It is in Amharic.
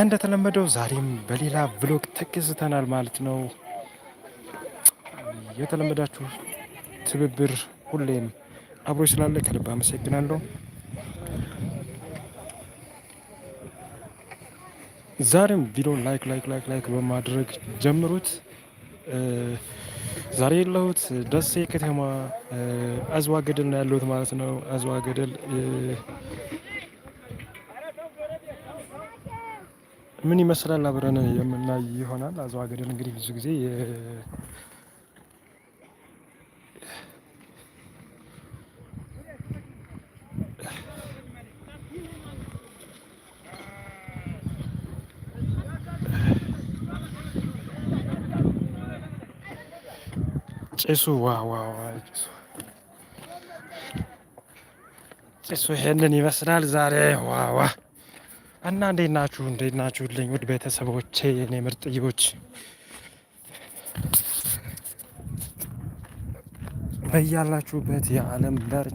እንደተለመደው ዛሬም በሌላ ብሎግ ተገዝተናል ማለት ነው። የተለመዳችሁ ትብብር ሁሌም አብሮ ስላለ ከልብ አመሰግናለሁ። ዛሬም ቪዲዮን ላይክ ላይክ ላይክ ላይክ በማድረግ ጀምሩት። ዛሬ የለሁት ደሴ ከተማ አዝዋ ገደል ነው ያለሁት ማለት ነው። አዝዋ ገደል ምን ይመስላል አብረን የምናይ ይሆናል። አዘዋ ገደል እንግዲህ ብዙ ጊዜ ጭሱ ዋዋ ጭሱ ይሄንን ይመስላል ዛሬ ዋዋ እና እንዴት ናችሁ? እንዴት ናችሁልኝ? ውድ ቤተሰቦቼ የኔ ምርጥዮች በያላችሁበት የዓለም ዳር